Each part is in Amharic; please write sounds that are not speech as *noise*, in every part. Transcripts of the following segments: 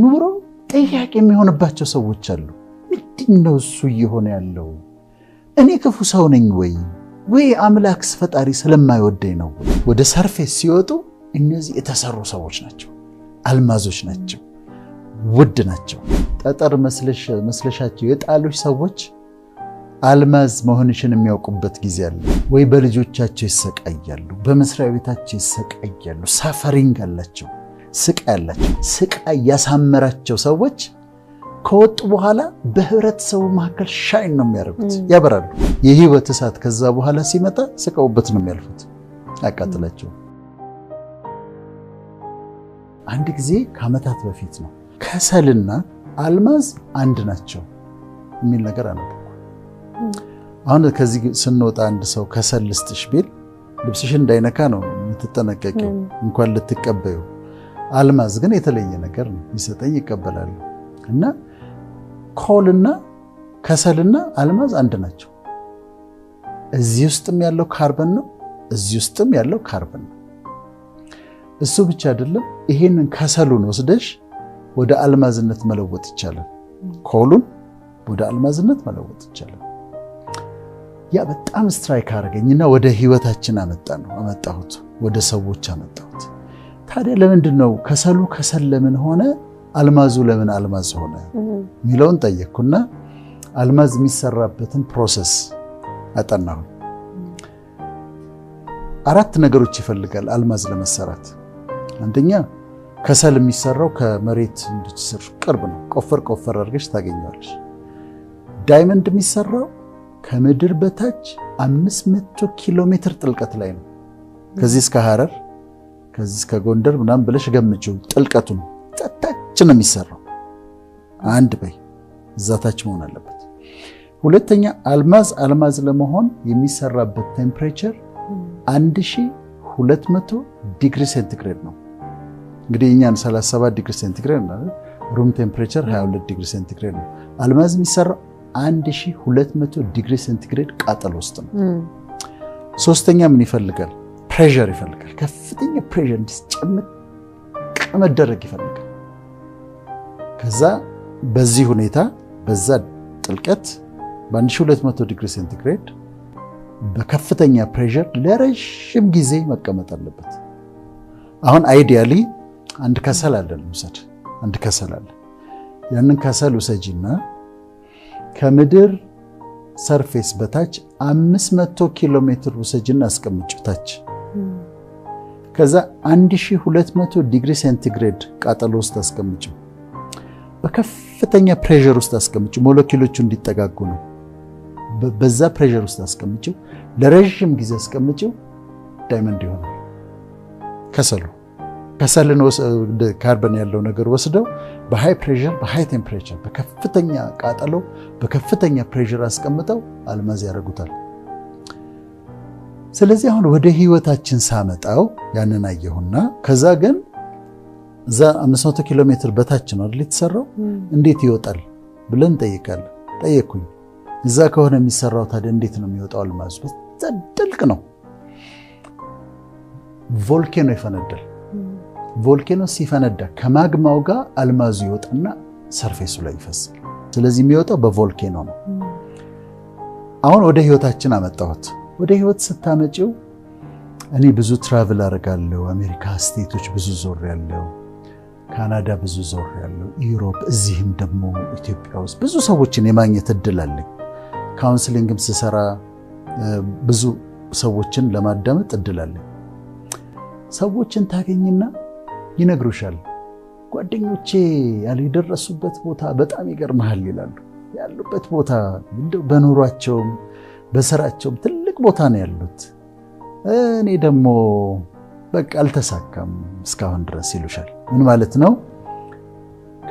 ኑሮ ጥያቄ የሚሆንባቸው ሰዎች አሉ። ምንድን ነው እሱ እየሆነ ያለው? እኔ ክፉ ሰው ነኝ ወይ ወይ አምላክስ ፈጣሪ ስለማይወደኝ ነው? ወደ ሰርፌስ ሲወጡ እነዚህ የተሰሩ ሰዎች ናቸው፣ አልማዞች ናቸው፣ ውድ ናቸው። ጠጠር መስለሻቸው የጣሉሽ ሰዎች አልማዝ መሆንሽን የሚያውቁበት ጊዜ አለ። ወይ በልጆቻቸው ይሰቃያሉ፣ በመስሪያ ቤታቸው ይሰቃያሉ፣ ሳፈሪንግ አላቸው። ስቃይ ያላቸው ስቃይ ያሳመራቸው ሰዎች ከወጡ በኋላ በህብረተሰቡ መካከል ሻይን ነው የሚያደርጉት፣ ያበራሉ። የህይወት እሳት ከዛ በኋላ ሲመጣ ስቀውበት ነው የሚያልፉት፣ አቃጥላቸው። አንድ ጊዜ ከዓመታት በፊት ነው ከሰልና አልማዝ አንድ ናቸው የሚል ነገር አነበብኩ። አሁን ከዚህ ስንወጣ አንድ ሰው ከሰል ልስጥሽ ቢል ልብስሽን እንዳይነካ ነው የምትጠነቀቂው፣ እንኳን ልትቀበዩ አልማዝ ግን የተለየ ነገር ነው። ይሰጠኝ ይቀበላሉ እና ኮልና ከሰልና አልማዝ አንድ ናቸው። እዚህ ውስጥም ያለው ካርበን ነው፣ እዚህ ውስጥም ያለው ካርበን ነው። እሱ ብቻ አይደለም። ይሄንን ከሰሉን ወስደሽ ወደ አልማዝነት መለወጥ ይቻላል። ኮሉን ወደ አልማዝነት መለወጥ ይቻላል። ያ በጣም ስትራይክ አደረገኝና ወደ ህይወታችን አመጣ ነው አመጣሁት፣ ወደ ሰዎች አመጣሁት። ታዲያ ለምንድን ነው ከሰሉ ከሰል ለምን ሆነ አልማዙ ለምን አልማዝ ሆነ የሚለውን ጠየቅኩና አልማዝ የሚሰራበትን ፕሮሰስ አጠናሁ። አራት ነገሮች ይፈልጋል አልማዝ ለመሰራት። አንደኛ ከሰል የሚሰራው ከመሬት ስር ቅርብ ነው። ቆፈር ቆፈር አድርገሽ ታገኘዋለሽ። ዳይመንድ የሚሰራው ከምድር በታች 500 ኪሎ ሜትር ጥልቀት ላይ ነው። ከዚህ እስከ ሀረር ከዚህ እስከ ጎንደር ምናምን ብለሽ ገምጪው ጥልቀቱን። ታች ነው የሚሰራው። አንድ በይ እዛ ታች መሆን አለበት። ሁለተኛ አልማዝ አልማዝ ለመሆን የሚሰራበት ቴምፕሬቸር 1200 ዲግሪ ሴንቲግሬድ ነው። እንግዲህ እኛን 37 ዲግሪ ሴንቲግሬድ ነው ሩም ቴምፕሬቸር 22 ዲግሪ ሴንቲግሬድ ነው። አልማዝ የሚሰራው 1200 ዲግሪ ሴንቲግሬድ ቃጠል ውስጥ ነው። ሶስተኛ ምን ይፈልጋል? ፕሬር ይፈልጋል። ከፍተኛ ፕሬር እንዲስጨምቅ መደረግ ይፈልጋል። ከዛ በዚህ ሁኔታ በዛ ጥልቀት በ1200 ዲግሪ ሴንቲግሬድ በከፍተኛ ፕሬር ለረዥም ጊዜ መቀመጥ አለበት። አሁን አይዲያሊ አንድ ከሰል አለን ውሰድ፣ አንድ ከሰል አለ። ያንን ከሰል ውሰጂና ከምድር ሰርፌስ በታች 500 ኪሎ ሜትር ውሰጂና አስቀምጪው ታች ከዛ 1200 ዲግሪ ሴንቲግሬድ ቃጠሎ ውስጥ አስቀምጭ፣ በከፍተኛ ፕሬሸር ውስጥ አስቀምጭ፣ ሞለኪሎቹ እንዲጠጋጉ ነው። በዛ ፕሬሸር ውስጥ አስቀምጭው፣ ለረዥም ጊዜ አስቀምጭው፣ ዳይመንድ ይሆናል ከሰሉ። ከሰልን ካርበን ያለው ነገር ወስደው በሃይ ፕሬሸር በሃይ ቴምፕሬቸር በከፍተኛ ቃጠሎ በከፍተኛ ፕሬሸር አስቀምጠው አልማዝ ያደርጉታል። ስለዚህ አሁን ወደ ህይወታችን ሳመጣው ያንን አየሁና ከዛ ግን እዛ 500 ኪሎ ሜትር በታች ነው አይደል የተሰራው፣ እንዴት ይወጣል ብለን እንጠይቃለን። ጠየኩኝ እዛ ከሆነ የሚሰራው ታዲያ እንዴት ነው የሚወጣው? አልማዝ ጥልቅ ነው። ቮልኬኖ ይፈነዳል። ቮልኬኖ ሲፈነዳ ከማግማው ጋር አልማዙ ይወጣና ሰርፌሱ ላይ ይፈሳል። ስለዚህ የሚወጣው በቮልኬኖ ነው። አሁን ወደ ህይወታችን አመጣሁት። ወደ ህይወት ስታመጪው እኔ ብዙ ትራቭል አደርጋለሁ። አሜሪካ ስቴቶች ብዙ ዞር ያለው ካናዳ ብዙ ዞር ያለው ዩሮፕ፣ እዚህም ደግሞ ኢትዮጵያ ውስጥ ብዙ ሰዎችን የማግኘት እድል አለኝ። ካውንስሊንግም ስሰራ ብዙ ሰዎችን ለማዳመጥ እድል አለኝ። ሰዎችን ታገኝና ይነግሩሻል። ጓደኞቼ ያለ የደረሱበት ቦታ በጣም ይገርመሃል ይላሉ። ያሉበት ቦታ በኑሯቸውም በስራቸውም ትልቅ ቦታ ነው ያሉት። እኔ ደግሞ በቃ አልተሳካም እስካሁን ድረስ ይሉሻል። ምን ማለት ነው?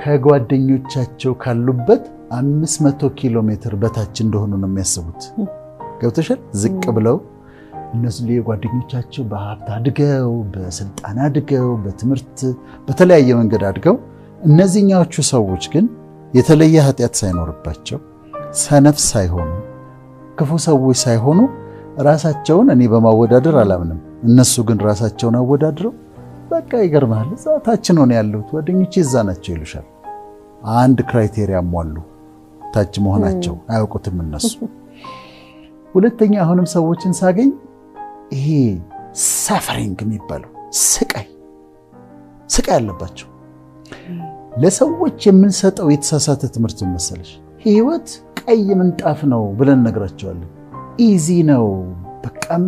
ከጓደኞቻቸው ካሉበት አምስት መቶ ኪሎ ሜትር በታች እንደሆኑ ነው የሚያስቡት። ገብተሻል? ዝቅ ብለው እነሱ ጓደኞቻቸው በሀብት አድገው በስልጣን አድገው በትምህርት በተለያየ መንገድ አድገው እነዚህኛዎቹ ሰዎች ግን የተለየ ኃጢአት ሳይኖርባቸው ሰነፍ ሳይሆኑ ክፉ ሰዎች ሳይሆኑ ራሳቸውን እኔ በማወዳደር አላምንም። እነሱ ግን ራሳቸውን አወዳድረው በቃ ይገርምሃል፣ እዛ ታች ነው ያሉት ጓደኞቼ እዛ ናቸው ይሉሻል። አንድ ክራይቴሪያ ሟሉ ታች መሆናቸው አያውቁትም እነሱ። ሁለተኛ አሁንም ሰዎችን ሳገኝ ይሄ ሳፈሪንግ የሚባለው ስቃይ ስቃይ አለባቸው። ለሰዎች የምንሰጠው የተሳሳተ ትምህርት መሰለሽ፣ ህይወት ቀይ ምንጣፍ ነው ብለን እነግራቸዋለን። ኢዚ ነው፣ በቃም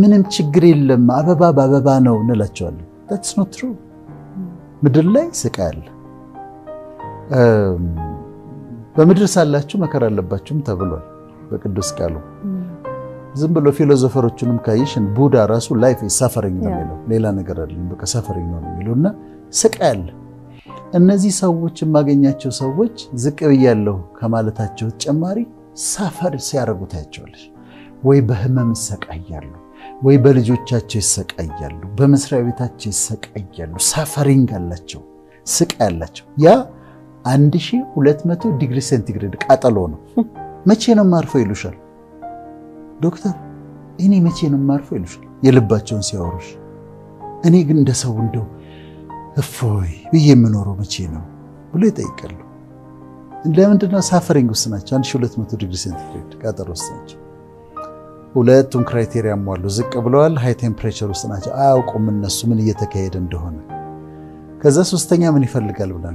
ምንም ችግር የለም፣ አበባ በአበባ ነው እንላቸዋለን። ዳትስ ኖት ትሩ። ምድር ላይ ስቃይ አለ። በምድር ሳላችሁ መከራ አለባችሁም ተብሏል በቅዱስ ቃሉ። ዝም ብሎ ፊሎዞፈሮችንም ካይሽን ቡዳ ራሱ ላይፍ ሳፈሪንግ ነው የሚለው ሌላ ነገር አይደለም። በቃ ሳፈሪንግ ነው የሚለው እና ስቃይ አለ። እነዚህ ሰዎች የማገኛቸው ሰዎች ዝቅ ብያለሁ ከማለታቸው ተጨማሪ ሰፈር ሲያደርጉ ታያቸዋለሽ። ወይ በህመም ይሰቃያሉ፣ ወይ በልጆቻቸው ይሰቃያሉ፣ በመስሪያ ቤታቸው ይሰቃያሉ። ሳፈሪንግ አላቸው፣ ስቃይ ያላቸው። ያ 1200 ዲግሪ ሴንቲግሬድ ቃጠሎ ነው። መቼ ነው ማርፈው ይሉሻል ዶክተር፣ እኔ መቼ ነው ማርፈው ይሉሻል የልባቸውን ሲያወሩሽ። እኔ ግን እንደ ሰው እንደው እፎይ ብዬ የምኖረው መቼ ነው ብሎ ይጠይቃሉ። ለምንድነው ሳፈሪንግ ውስጥ ናቸው? 1200 ዲግሪ ሴንቲግሬድ ቀጠሮ ውስጥ ናቸው። ሁለቱም ክራይቴሪያ ሟሉ። ዝቅ ብለዋል። ሃይ ቴምፕሬቸር ውስጥ ናቸው። አያውቁም እነሱ ምን እየተካሄደ እንደሆነ። ከዛ ሶስተኛ ምን ይፈልጋል ብላ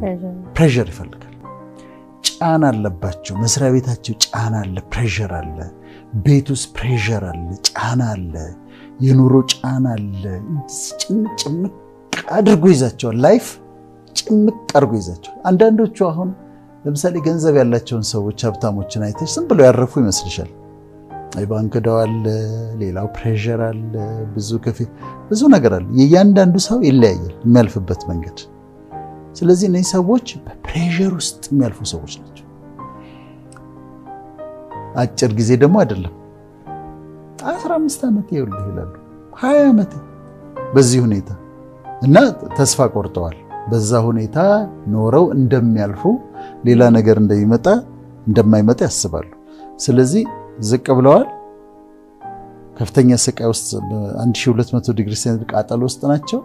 ፕሬሸር ይፈልጋል። ጫና አለባቸው። መስሪያ ቤታቸው ጫና አለ፣ ፕሬር አለ። ቤት ውስጥ ፕሬሸር አለ፣ ጫና አለ። የኑሮ ጫና አለ። ጭምቅ አድርጎ ይዛቸዋል። ላይፍ ጭምቅ አድርጎ ይዛቸዋል። አንዳንዶቹ አሁን ለምሳሌ ገንዘብ ያላቸውን ሰዎች ሀብታሞችን አይተሽ ዝም ብለው ያረፉ ይመስልሻል። ባንክ ዕዳው አለ፣ ሌላው ፕሬሸር አለ፣ ብዙ ከፊል ብዙ ነገር አለ። የእያንዳንዱ ሰው ይለያያል የሚያልፍበት መንገድ። ስለዚህ እነዚህ ሰዎች በፕሬር ውስጥ የሚያልፉ ሰዎች ናቸው። አጭር ጊዜ ደግሞ አይደለም። አስራ አምስት ዓመት ይኸውልህ ይላሉ፣ ሀያ ዓመት በዚህ ሁኔታ እና ተስፋ ቆርጠዋል። በዛ ሁኔታ ኖረው እንደሚያልፉ ሌላ ነገር እንደሚመጣ እንደማይመጣ ያስባሉ። ስለዚህ ዝቅ ብለዋል። ከፍተኛ ስቃይ ውስጥ 1200 ዲግሪ ሴንት ቃጠሎ ውስጥ ናቸው።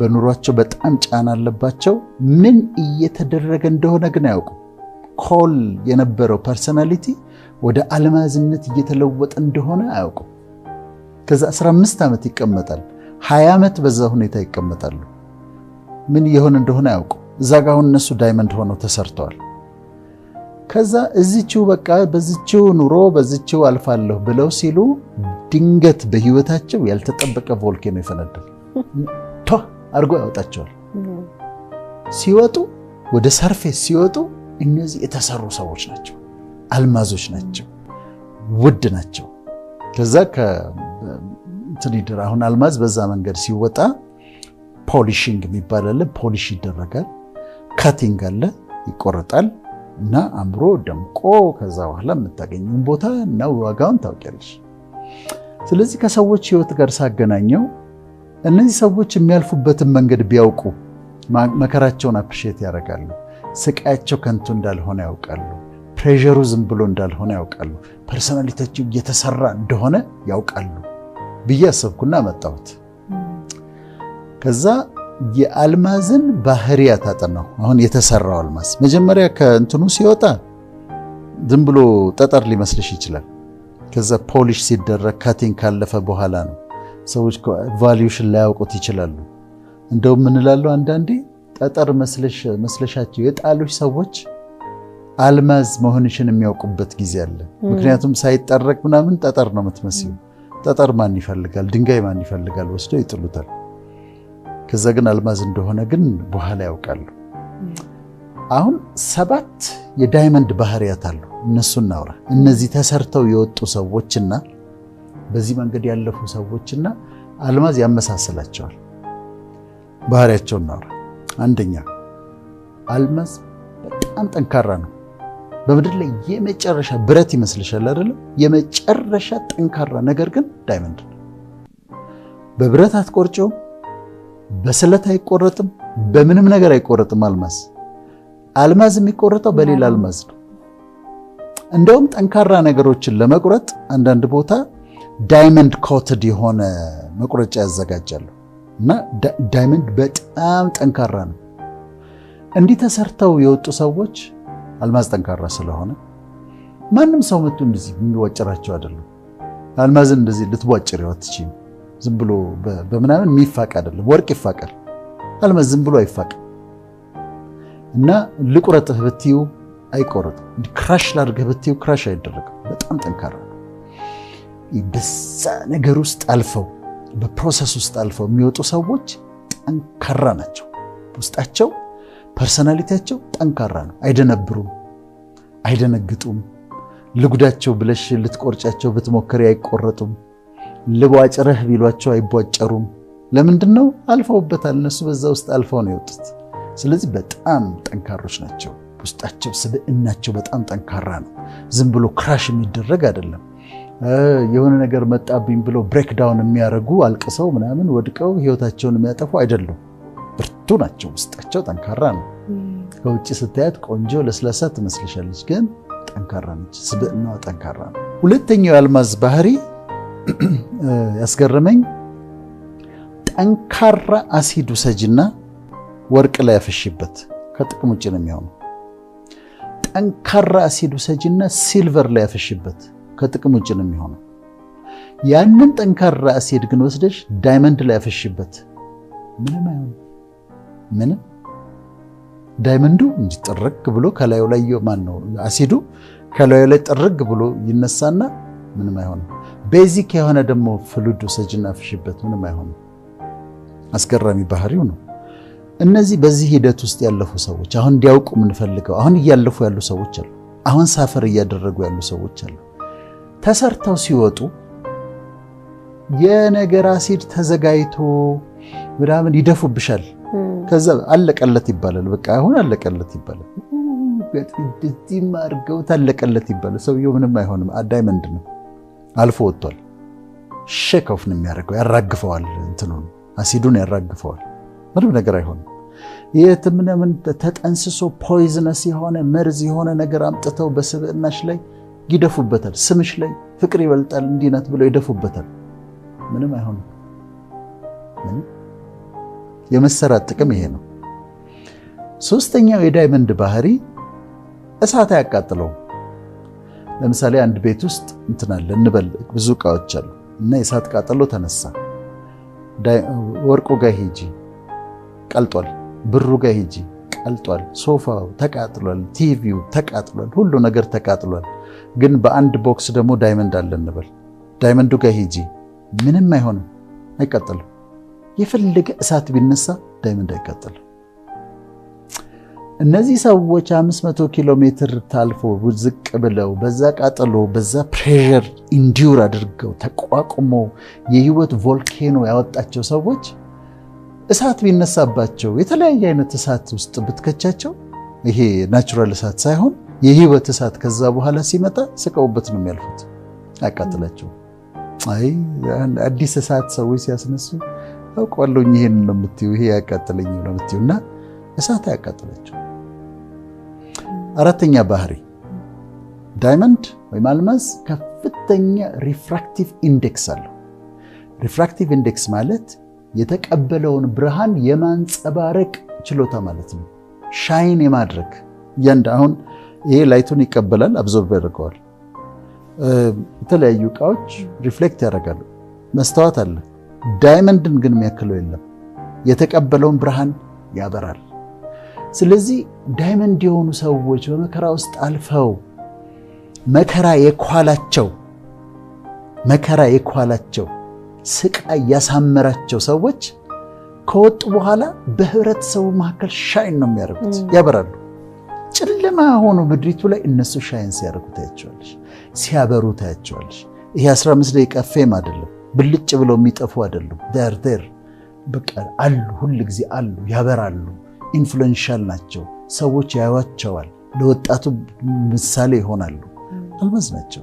በኑሯቸው በጣም ጫና አለባቸው። ምን እየተደረገ እንደሆነ ግን አያውቁም። ኮል የነበረው ፐርሰናሊቲ ወደ አልማዝነት እየተለወጠ እንደሆነ አያውቁም። ከዛ 15 ዓመት ይቀመጣል። 20 ዓመት በዛ ሁኔታ ይቀመጣሉ። ምን እየሆነ እንደሆነ አያውቁም። እዛ ጋ አሁን እነሱ ዳይመንድ ሆነው ተሰርተዋል። ከዛ እዚችው በቃ በዚችው ኑሮ በዚችው አልፋለሁ ብለው ሲሉ ድንገት በህይወታቸው ያልተጠበቀ ቮልኬኖ ይፈነዳል። ቶ አድርጎ ያወጣቸዋል። ሲወጡ ወደ ሰርፌስ ሲወጡ እነዚህ የተሰሩ ሰዎች ናቸው፣ አልማዞች ናቸው፣ ውድ ናቸው። ከዛ ከትኒድር አሁን አልማዝ በዛ መንገድ ሲወጣ ፖሊሽንግ የሚባል አለ። ፖሊሽ ይደረጋል። ካቲንግ አለ ይቆረጣል እና አምሮ ደምቆ ከዛ በኋላ የምታገኘውን ቦታ እና ዋጋውን ታውቂያለሽ። ስለዚህ ከሰዎች ህይወት ጋር ሳገናኘው እነዚህ ሰዎች የሚያልፉበትን መንገድ ቢያውቁ መከራቸውን አፕሼት ያደርጋሉ። ስቃያቸው ከንቱ እንዳልሆነ ያውቃሉ። ፕሬሩ ዝም ብሎ እንዳልሆነ ያውቃሉ። ፐርሶናሊቲያቸው እየተሰራ እንደሆነ ያውቃሉ ብዬ አሰብኩና መጣሁት ከዛ የአልማዝን ባህሪያት አጠናሁ። አሁን የተሰራው አልማዝ መጀመሪያ ከእንትኑ ሲወጣ ዝም ብሎ ጠጠር ሊመስልሽ ይችላል። ከዛ ፖሊሽ ሲደረግ ካቲን ካለፈ በኋላ ነው ሰዎች ቫሊዩሽን ላያውቁት ይችላሉ። እንደውም ምንላለው አንዳንዴ ጠጠር መስለሻቸው የጣሉሽ ሰዎች አልማዝ መሆንሽን የሚያውቁበት ጊዜ አለ። ምክንያቱም ሳይጠረቅ ምናምን ጠጠር ነው የምትመስሉ። ጠጠር ማን ይፈልጋል? ድንጋይ ማን ይፈልጋል? ወስደው ይጥሉታል። ከዛ ግን አልማዝ እንደሆነ ግን በኋላ ያውቃሉ። አሁን ሰባት የዳይመንድ ባህሪያት አሉ። እነሱ እናውራ። እነዚህ ተሰርተው የወጡ ሰዎችና በዚህ መንገድ ያለፉ ሰዎችና አልማዝ ያመሳስላቸዋል። ባህሪያቸውን እናውራ። አንደኛ አልማዝ በጣም ጠንካራ ነው። በምድር ላይ የመጨረሻ ብረት ይመስልሻል አይደለም? የመጨረሻ ጠንካራ ነገር ግን ዳይመንድ ነው። በብረት አትቆርጪውም። በስለት አይቆረጥም፣ በምንም ነገር አይቆረጥም። አልማዝ አልማዝ የሚቆረጠው በሌላ አልማዝ ነው። እንደውም ጠንካራ ነገሮችን ለመቁረጥ አንዳንድ ቦታ ዳይመንድ ኮትድ የሆነ መቁረጫ ያዘጋጃሉ እና ዳይመንድ በጣም ጠንካራ ነው። እንዲህ ተሰርተው የወጡ ሰዎች አልማዝ ጠንካራ ስለሆነ ማንም ሰው መጥቶ እንደዚህ የሚዋጭራቸው አይደሉም። አልማዝን እንደዚህ ልትቧጭር ይወትችም ዝም ብሎ በምናምን የሚፋቅ አይደለም። ወርቅ ይፋቃል፣ አልማዝ ዝም ብሎ እና ልቁረጥህ ብትይው አይቆረጥም። ክራሽ ላድርግህ ብትይው ክራሽ አይደረግም። በጣም ጠንካራ በዛ ነገር ውስጥ አልፈው በፕሮሰስ ውስጥ አልፈው የሚወጡ ሰዎች ጠንካራ ናቸው። ውስጣቸው ፐርሰናሊቲያቸው ጠንካራ ነው። አይደነብሩም፣ አይደነግጡም። ልጉዳቸው ብለሽ ልትቆርጫቸው ብትሞክሪ አይቆረጡም። ልቧጭረህ ቢሏቸው አይቧጨሩም። ለምንድን ነው? አልፈውበታል። እነሱ በዛ ውስጥ አልፈው ነው የወጡት። ስለዚህ በጣም ጠንካሮች ናቸው። ውስጣቸው ስብዕናቸው በጣም ጠንካራ ነው። ዝም ብሎ ክራሽ የሚደረግ አይደለም። የሆነ ነገር መጣብኝ ብለው ብሬክዳውን የሚያደርጉ አልቅሰው ምናምን ወድቀው ህይወታቸውን የሚያጠፉ አይደሉም። ብርቱ ናቸው። ውስጣቸው ጠንካራ ነው። ከውጭ ስታያት ቆንጆ ለስላሳ ትመስልሻለች፣ ግን ጠንካራ ነች። ስብዕናዋ ጠንካራ ነው። ሁለተኛው የአልማዝ ባህሪ *clears throat* ያስገረመኝ ጠንካራ አሲድ ውሰጅና ወርቅ ላይ ያፈሽበት፣ ከጥቅም ውጭ ነው የሚሆነው። ጠንካራ አሲድ ውሰጅና ሲልቨር ላይ ያፈሽበት፣ ከጥቅም ውጭ ነው የሚሆነው። ያንን ጠንካራ አሲድ ግን ወስደሽ ዳይመንድ ላይ ያፈሽበት፣ ምንም አይሆን ምንም ዳይመንዱ እንጂ ጥርግ ብሎ ከላዩ ላይ ማን ነው አሲዱ ከላዩ ላይ ጥርግ ብሎ ይነሳና ምንም አይሆንም። ቤዚክ የሆነ ደግሞ ፍሉድ ውሰጅና ፍሽበት፣ ምንም አይሆንም። አስገራሚ ባህሪው ነው። እነዚህ በዚህ ሂደት ውስጥ ያለፉ ሰዎች አሁን እንዲያውቁ የምንፈልገው አሁን እያለፉ ያሉ ሰዎች አሉ። አሁን ሳፈር እያደረጉ ያሉ ሰዎች አሉ። ተሰርተው ሲወጡ የነገር አሲድ ተዘጋጅቶ ምናምን ይደፉብሻል። ከዛ አለቀለት ይባላል። በቃ አሁን አለቀለት ይባላል። እንደዚህም አድርገው ታለቀለት ይባላል። ሰውየው ምንም አይሆንም፣ ዳይመንድ ነው። አልፎ ወጥቷል። ሼክ የሚያደርገው፣ ያራግፈዋል፣ እንትኑን አሲዱን ያራግፈዋል። ምንም ነገር አይሆንም። ይህ ምንምን ተጠንስሶ ፖይዝነስ የሆነ መርዝ የሆነ ነገር አምጥተው በስብዕናሽ ላይ ይደፉበታል። ስምሽ ላይ ፍቅር ይበልጣል እንዲናት ብለው ይደፉበታል። ምንም አይሆንም። የመሰራት ጥቅም ይሄ ነው። ሶስተኛው የዳይመንድ ባህሪ እሳት አያቃጥለውም። ለምሳሌ አንድ ቤት ውስጥ እንትናለ እንበል ብዙ እቃዎች አሉ እና የእሳት ቃጠሎ ተነሳ። ወርቁ ጋ ሂጂ ቀልጧል፣ ብሩ ጋ ሂጂ ቀልጧል፣ ሶፋው ተቃጥሏል፣ ቲቪው ተቃጥሏል፣ ሁሉ ነገር ተቃጥሏል። ግን በአንድ ቦክስ ደግሞ ዳይመንድ አለ እንበል ዳይመንዱ ጋ ሂጂ ምንም አይሆንም፣ አይቃጠልም። የፈለገ እሳት ቢነሳ ዳይመንድ አይቃጠልም። እነዚህ ሰዎች 500 ኪሎ ሜትር ታልፎ ዝቅ ብለው በዛ ቃጠሎ በዛ ፕሬር ኢንዲዩር አድርገው ተቋቁመው የህይወት ቮልኬኖ ያወጣቸው ሰዎች እሳት ቢነሳባቸው የተለያየ አይነት እሳት ውስጥ ብትከቻቸው ይሄ ናቹራል እሳት ሳይሆን የህይወት እሳት ከዛ በኋላ ሲመጣ ስቀውበት ነው የሚያልፉት። አቃጥላቸው አዲስ እሳት ሰዎች ሲያስነሱ ታውቋለኝ ይሄን ነው የምትይው ይሄ ያቃጥለኝ ነው የምትይው እና እሳት አያቃጥላቸው። አራተኛ ባህሪ ዳይመንድ ወይም አልማዝ ከፍተኛ ሪፍራክቲቭ ኢንዴክስ አለው። ሪፍራክቲቭ ኢንዴክስ ማለት የተቀበለውን ብርሃን የማንጸባረቅ ችሎታ ማለት ነው። ሻይን የማድረግ እያንዳ አሁን ይሄ ላይቱን ይቀበላል፣ አብዞርብ ያደርገዋል። የተለያዩ እቃዎች ሪፍሌክት ያደርጋሉ። መስታወት አለ። ዳይመንድን ግን የሚያክለው የለም። የተቀበለውን ብርሃን ያበራል። ስለዚህ ዳይመንድ የሆኑ ሰዎች በመከራ ውስጥ አልፈው መከራ የኳላቸው መከራ የኳላቸው ስቃይ ያሳመራቸው ሰዎች ከወጡ በኋላ በህብረተሰቡ መካከል ሻይን ነው የሚያደርጉት፣ ያበራሉ። ጨለማ ሆኖ ምድሪቱ ላይ እነሱ ሻይን ሲያደርጉ ታያቸዋለሽ፣ ሲያበሩ ታያቸዋለሽ። ይሄ 15 ደቂቃ ፌም አይደለም፣ ብልጭ ብለው የሚጠፉ አይደሉም። ደርደር በቃ አሉ፣ ሁል ጊዜ አሉ፣ ያበራሉ። ኢንፍሉዌንሻል ናቸው። ሰዎች ያዩቸዋል ለወጣቱ ምሳሌ ይሆናሉ። አልማዝ ናቸው።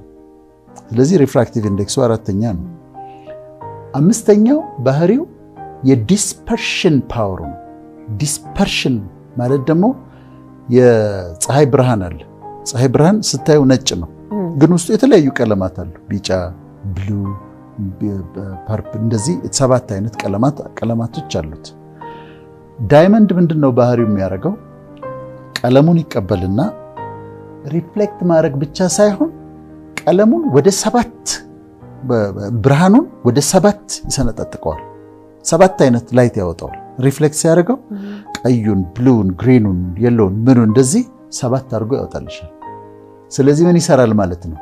ስለዚህ ሪፍራክቲቭ ኢንዴክሱ አራተኛ ነው። አምስተኛው ባህሪው የዲስፐርሽን ፓወሩ ነው። ዲስፐርሽን ማለት ደግሞ የፀሐይ ብርሃን አለ። ፀሐይ ብርሃን ስታዩ ነጭ ነው፣ ግን ውስጡ የተለያዩ ቀለማት አሉ። ቢጫ፣ ብሉ፣ ፐርፕ እንደዚህ ሰባት አይነት ቀለማቶች አሉት። ዳይመንድ ምንድን ነው ባህሪው የሚያደርገው? ቀለሙን ይቀበልና ሪፍሌክት ማድረግ ብቻ ሳይሆን ቀለሙን ወደ ሰባት ብርሃኑን ወደ ሰባት ይሰነጠጥቀዋል። ሰባት አይነት ላይት ያወጣዋል። ሪፍሌክት ሲያደርገው ቀዩን፣ ብሉውን፣ ግሪኑን፣ የሎውን ምኑ እንደዚህ ሰባት አድርጎ ያወጣልሻል። ስለዚህ ምን ይሰራል ማለት ነው?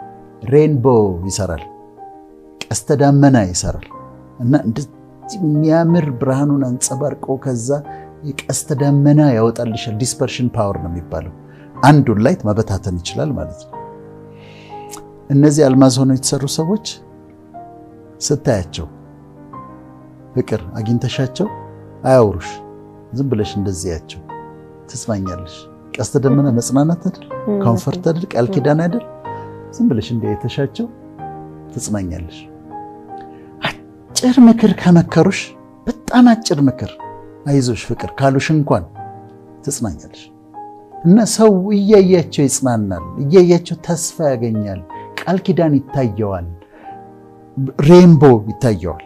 ሬንቦ ይሰራል፣ ቀስተ ደመና ይሰራል እና እንደዚህ የሚያምር ብርሃኑን አንጸባርቆ ከዛ የቀስተ ደመና ያወጣልሻል። ዲስፐርሽን ፓወር ነው የሚባለው። አንዱን ላይት መበታተን ይችላል ማለት ነው። እነዚህ አልማዝ ሆነው የተሰሩ ሰዎች ስታያቸው ፍቅር አግኝተሻቸው አያውሩሽ። ዝም ብለሽ እንደዚህ ያቸው ትስማኛለሽ። ቀስተ ደመና መጽናናት አይደል? ኮንፈርት አይደል? ቃል ኪዳን አይደል? ዝም ብለሽ የተሻቸው ትጽናኛለሽ። አጭር ምክር ከመከሩሽ፣ በጣም አጭር ምክር አይዞሽ ፍቅር ካሉሽ እንኳን ትጽናኛለሽ። እና ሰው እያያቸው ይጽናናል፣ እያያቸው ተስፋ ያገኛል፣ ቃል ኪዳን ይታየዋል፣ ሬንቦ ይታየዋል።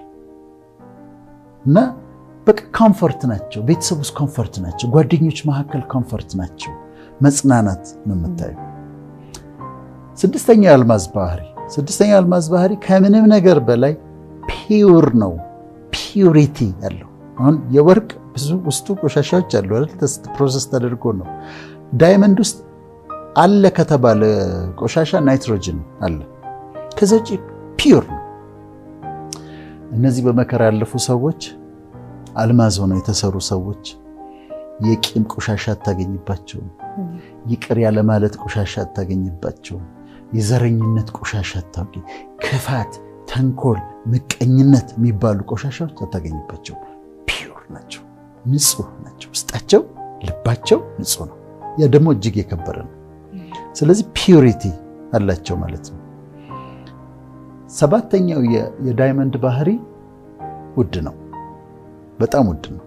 እና በቃ ኮምፎርት ናቸው። ቤተሰብ ውስጥ ኮምፎርት ናቸው። ጓደኞች መካከል ኮምፎርት ናቸው። መጽናናት ነው የምታዩ። ስድስተኛ አልማዝ ባህሪ ስድስተኛ አልማዝ ባህሪ ከምንም ነገር በላይ ፒውር ነው። ፒውሪቲ ያለው አሁን የወርቅ ብዙ ውስጡ ቆሻሻዎች አሉ አይደል? ፕሮሰስ ተደርጎ ነው። ዳይመንድ ውስጥ አለ ከተባለ ቆሻሻ ናይትሮጅን አለ፣ ከዚ ውጭ ነው። እነዚህ በመከራ ያለፉ ሰዎች፣ አልማዝ ሆነው የተሰሩ ሰዎች የቂም ቆሻሻ አታገኝባቸውም። ይቅር ያለማለት ቆሻሻ አታገኝባቸውም። የዘረኝነት ቆሻሻ አታውቂ፣ ክፋት፣ ተንኮል፣ ምቀኝነት የሚባሉ ቆሻሻዎች አታገኝባቸውም። ፒዩር ናቸው። ንጹህ ናቸው። ውስጣቸው ልባቸው ንጹህ ነው። ያ ደግሞ እጅግ የከበረ ነው። ስለዚህ ፒዩሪቲ አላቸው ማለት ነው። ሰባተኛው የዳይመንድ ባህሪ ውድ ነው፣ በጣም ውድ ነው።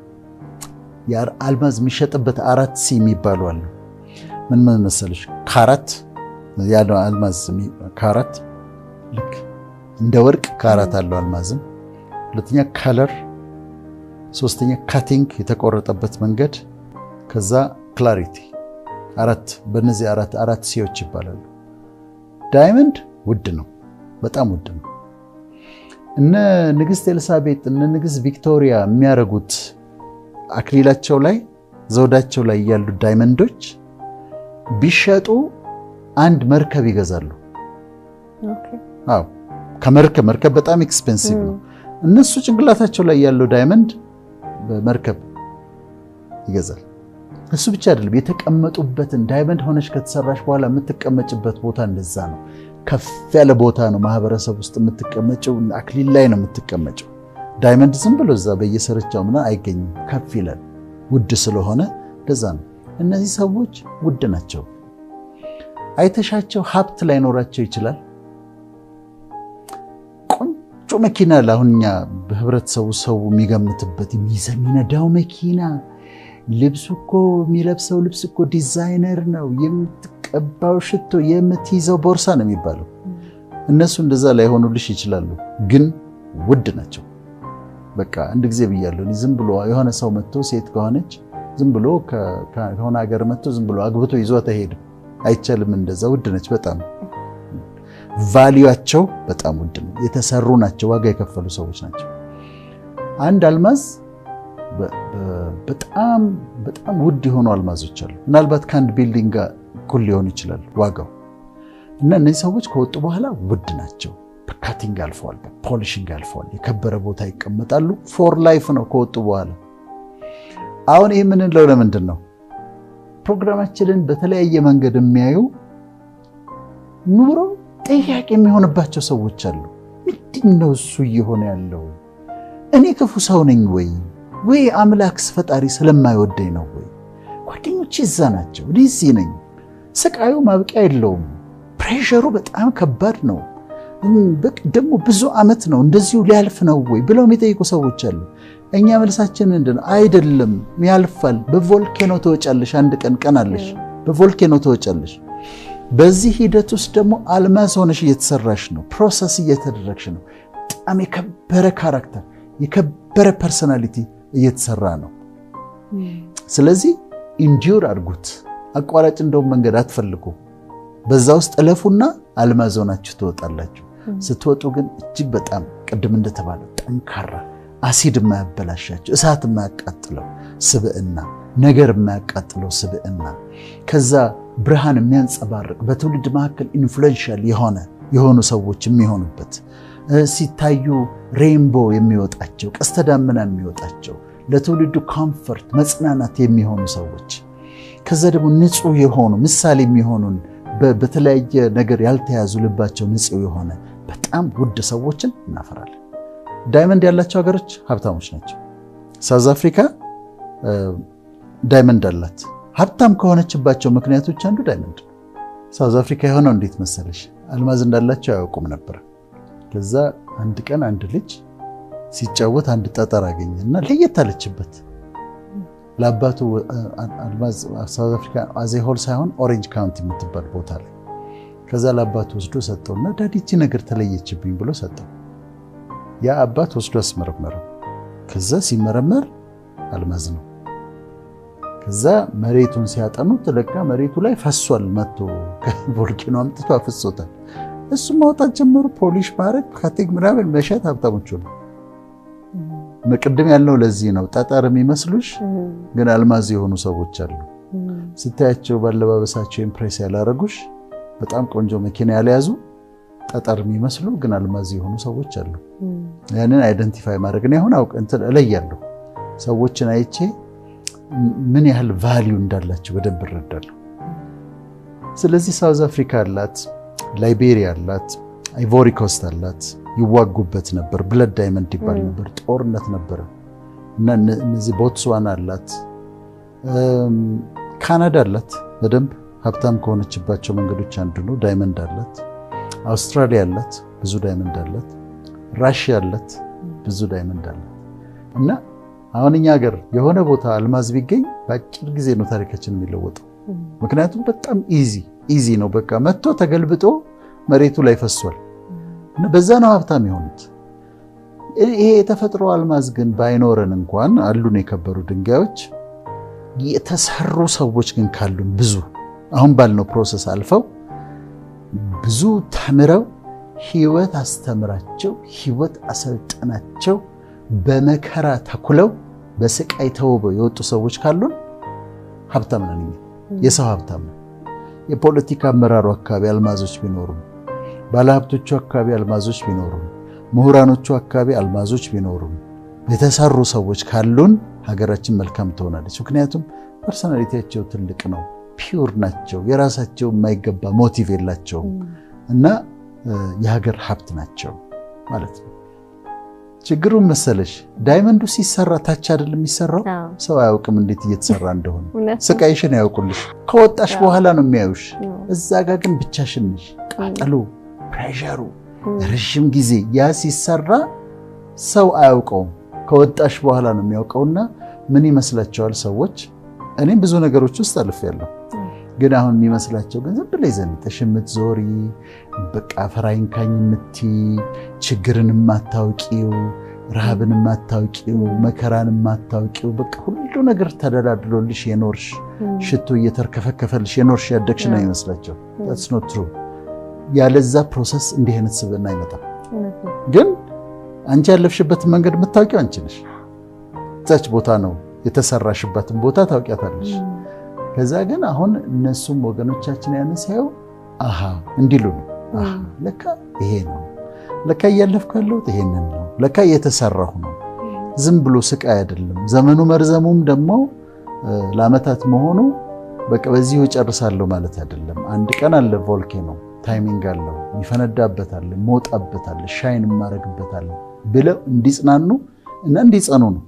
አልማዝ የሚሸጥበት አራት ሲ የሚባሉ አለ። ምን ምን መሰለሽ? ካራት ያለው አልማዝ ካራት ልክ እንደ ወርቅ ካራት አለው አልማዝም። ሁለተኛ ከለር ሶስተኛ ካቲንግ የተቆረጠበት መንገድ፣ ከዛ ክላሪቲ አራት። በእነዚህ አራት አራት ሲዎች ይባላሉ። ዳይመንድ ውድ ነው፣ በጣም ውድ ነው። እነ ንግስት ኤልሳቤጥ እነ ንግስት ቪክቶሪያ የሚያደርጉት አክሊላቸው ላይ ዘውዳቸው ላይ ያሉ ዳይመንዶች ቢሸጡ አንድ መርከብ ይገዛሉ። ከመርከብ መርከብ በጣም ኤክስፔንሲቭ ነው። እነሱ ጭንቅላታቸው ላይ ያለው ዳይመንድ መርከብ ይገዛል። እሱ ብቻ አይደለም፣ የተቀመጡበትን ዳይመንድ ሆነች ከተሰራሽ በኋላ የምትቀመጭበት ቦታ እንደዛ ነው። ከፍ ያለ ቦታ ነው። ማህበረሰብ ውስጥ የምትቀመጨው አክሊል ላይ ነው የምትቀመጨው። ዳይመንድ ዝም ብሎ እዛ በየስርቻው ምና አይገኝም። ከፍ ይላል፣ ውድ ስለሆነ እንደዛ ነው። እነዚህ ሰዎች ውድ ናቸው። አይተሻቸው ሀብት ላይኖራቸው ይችላል። የሚጋጨው መኪና ለአሁን እኛ በህብረተሰቡ ሰው የሚገምትበት የሚይዘ የሚነዳው መኪና ልብሱ እኮ የሚለብሰው ልብስ እኮ ዲዛይነር ነው፣ የምትቀባው ሽቶ፣ የምትይዘው ቦርሳ ነው የሚባለው። እነሱ እንደዛ ላይሆኑልሽ ይችላሉ፣ ግን ውድ ናቸው። በቃ አንድ ጊዜ ብያለሁ፣ ዝም ብሎ የሆነ ሰው መጥቶ ሴት ከሆነች ዝም ብሎ ከሆነ ሀገር መጥቶ ዝም ብሎ አግብቶ ይዞ ተሄድ አይቻልም። እንደዛ ውድ ነች በጣም ቫሊዩቸው በጣም ውድ ነው። የተሰሩ ናቸው፣ ዋጋ የከፈሉ ሰዎች ናቸው። አንድ አልማዝ በጣም በጣም ውድ የሆኑ አልማዞች አሉ። ምናልባት ከአንድ ቢልዲንግ ጋር እኩል ሊሆን ይችላል ዋጋው እና እነዚህ ሰዎች ከወጡ በኋላ ውድ ናቸው። በካቲንግ አልፈዋል፣ በፖሊሽንግ አልፈዋል። የከበረ ቦታ ይቀመጣሉ። ፎር ላይፍ ነው ከወጡ በኋላ። አሁን ይህ የምንለው ለምንድን ነው? ፕሮግራማችንን በተለያየ መንገድ የሚያዩ ኑሮ ጥያቄ የሚሆንባቸው ሰዎች አሉ። ምንድን ነው እሱ እየሆነ ያለው? እኔ ክፉ ሰው ነኝ ወይ ወይ አምላክስ ፈጣሪ ስለማይወደኝ ነው ወይ? ጓደኞች እዛ ናቸው፣ እኔ እዚህ ነኝ። ስቃዩ ማብቂያ የለውም። ፕሬሸሩ በጣም ከባድ ነው። ደግሞ ብዙ ዓመት ነው እንደዚሁ ሊያልፍ ነው ወይ ብለው የሚጠይቁ ሰዎች አሉ። እኛ መልሳችን ምንድን ነው? አይደለም ያልፋል። በቮልኬኖ ተወጫለሽ፣ አንድ ቀን ቀን አለሽ፣ በቮልኬኖ ተወጫለሽ። በዚህ ሂደት ውስጥ ደግሞ አልማዝ ሆነሽ እየተሰራሽ ነው፣ ፕሮሰስ እየተደረግሽ ነው። በጣም የከበረ ካራክተር የከበረ ፐርሶናሊቲ እየተሰራ ነው። ስለዚህ ኢንዲዩር አድርጉት። አቋራጭ እንደውም መንገድ አትፈልጉ። በዛ ውስጥ እለፉና አልማዝ ሆናችሁ ትወጣላችሁ። ስትወጡ ግን እጅግ በጣም ቅድም እንደተባለ ጠንካራ አሲድ የማያበላሻቸው እሳት የማያቃጥለው ስብዕና ነገር የማያቃጥለው ስብዕና ከዛ ብርሃን የሚያንጸባርቅ በትውልድ መካከል ኢንፍሉዌንሻል የሆነ የሆኑ ሰዎች የሚሆኑበት ሲታዩ ሬንቦ የሚወጣቸው ቀስተ የሚወጣቸው ለትውልዱ ኮምፈርት መጽናናት የሚሆኑ ሰዎች ከዛ ደግሞ ንጹህ የሆኑ ምሳሌ የሚሆኑን በተለያየ ነገር ያልተያዙ ልባቸው ንጹህ የሆነ በጣም ውድ ሰዎችን እናፈራለን። ዳይመንድ ያላቸው ሀገሮች ሀብታሞች ናቸው። ሳውዝ አፍሪካ ዳይመንድ አላት። ሀብታም ከሆነችባቸው ምክንያቶች አንዱ ዳይመንድ ሳውዝ አፍሪካ የሆነው እንዴት መሰለሽ አልማዝ እንዳላቸው አያውቁም ነበር። ከዛ አንድ ቀን አንድ ልጅ ሲጫወት አንድ ጠጠር አገኘና ለየት አለችበት። ለአባቱ አልማዝ ሳውዝ አፍሪካ አዜ ሆል ሳይሆን ኦሬንጅ ካውንቲ የምትባል ቦታ ላይ ከዛ ለአባቱ ወስዶ እና ዳዲቺ ነገር ተለየችብኝ ብሎ ሰጠው። ያ አባት ወስዶ አስመረመረ። ከዛ ሲመረመር አልማዝ ነው። ከዛ መሬቱን ሲያጠኑት ለካ መሬቱ ላይ ፈሷል። መቶ ከቮልኬኖ *laughs* አምጥቶ አፍሶታል። እሱ ማውጣት ጀመሩ። ፖሊሽ ማድረግ ከቴግ ምናምን መሸጥ ሀብታሞች ሆነ። ቅድም ያልነው ለዚህ ነው። ጠጠር የሚመስሉሽ ግን አልማዝ የሆኑ ሰዎች አሉ። ስታያቸው ባለባበሳቸው ኢምፕሬስ ያላረጉሽ፣ በጣም ቆንጆ መኪና ያልያዙ፣ ጠጠር የሚመስሉ ግን አልማዝ የሆኑ ሰዎች አሉ። ያንን አይደንቲፋይ ማድረግ ነው። አሁን አውቅ እንትን እለያለሁ ሰዎችን አይቼ ምን ያህል ቫሊዩ እንዳላቸው በደንብ እረዳለሁ። ስለዚህ ሳውዝ አፍሪካ አላት፣ ላይቤሪያ አላት፣ አይቮሪ ኮስት አላት። ይዋጉበት ነበር፣ ብለድ ዳይመንድ ይባል ነበር፣ ጦርነት ነበረ እና እነዚህ ቦትስዋና አላት፣ ካናዳ አላት። በደንብ ሀብታም ከሆነችባቸው መንገዶች አንዱ ነው። ዳይመንድ አላት። አውስትራሊያ አላት፣ ብዙ ዳይመንድ አላት። ራሽያ አላት፣ ብዙ ዳይመንድ አላት እና አሁን እኛ ሀገር የሆነ ቦታ አልማዝ ቢገኝ በአጭር ጊዜ ነው ታሪካችን የሚለወጠው። ምክንያቱም በጣም ኢዚ ኢዚ ነው። በቃ መጥቶ ተገልብጦ መሬቱ ላይ ፈሷል እና በዛ ነው ሀብታም የሆኑት። ይሄ የተፈጥሮ አልማዝ ግን ባይኖረን እንኳን አሉን የከበሩ ድንጋዮች። የተሰሩ ሰዎች ግን ካሉን ብዙ አሁን ባልነው ፕሮሰስ አልፈው ብዙ ተምረው ህይወት አስተምራቸው ህይወት አሰልጠናቸው በመከራ ተኩለው በስቃይ ተውበው የወጡ ሰዎች ካሉን ሀብታም ነን። የሰው ሀብታም ነው። የፖለቲካ አመራሩ አካባቢ አልማዞች ቢኖሩ፣ ባለሀብቶቹ አካባቢ አልማዞች ቢኖሩ፣ ምሁራኖቹ አካባቢ አልማዞች ቢኖሩ፣ የተሰሩ ሰዎች ካሉን ሀገራችን መልካም ትሆናለች። ምክንያቱም ፐርሶናሊቲያቸው ትልቅ ነው። ፒውር ናቸው። የራሳቸው የማይገባ ሞቲቭ የላቸውም እና የሀገር ሀብት ናቸው ማለት ነው። ችግሩን መሰለሽ ዳይመንዱ ሲሰራ ታች አይደል የሚሰራው? ሰው አያውቅም እንዴት እየተሰራ እንደሆነ። ስቃይሽን አያውቁልሽ። ከወጣሽ በኋላ ነው የሚያዩሽ። እዛ ጋር ግን ብቻሽን ነሽ። ቃጠሎ፣ ፕሬሸሩ ረዥም ጊዜ ያ ሲሰራ ሰው አያውቀውም። ከወጣሽ በኋላ ነው የሚያውቀውና ምን ይመስላቸዋል ሰዎች? እኔም ብዙ ነገሮች ውስጥ አልፌያለሁ። ግን አሁን የሚመስላቸው ግን ዝም ብለሽ ዘንጠሽ የምትዞሪ በቃ ፈራይንካኝ የምት ችግርን የማታውቂው ረሃብን የማታውቂው መከራን የማታውቂው በቃ ሁሉ ነገር ተደላድሎልሽ የኖርሽ ሽቶ እየተርከፈከፈልሽ የኖርሽ ያደግሽ ነው የሚመስላቸው። ታትስ ኖት ትሩ። ያለዛ ፕሮሰስ እንዲህ አይነት ስብዕና አይመጣም። ግን አንቺ ያለፍሽበትን መንገድ የምታውቂው አንቺ ነሽ። እዛች ቦታ ነው የተሰራሽበትን ቦታ ታውቂያታለሽ። ከዛ ግን አሁን እነሱም ወገኖቻችን ያን ሲያዩ አሃ እንዲሉ ነው። ለካ ይሄ ነው፣ ለካ እያለፍኩ ያለሁት ይሄንን ነው፣ ለካ እየተሰራሁ ነው። ዝም ብሎ ስቃይ አይደለም። ዘመኑ መርዘሙም ደግሞ ለአመታት መሆኑ በቃ በዚሁ እጨርሳለሁ ማለት አይደለም። አንድ ቀን አለ፣ ቮልኬኖ ታይሚንግ አለው፣ ይፈነዳበታል፣ ሞጣበታል፣ ሻይን ማረግበታል ብለው እንዲጽናኑ እና እንዲጸኑ ነው።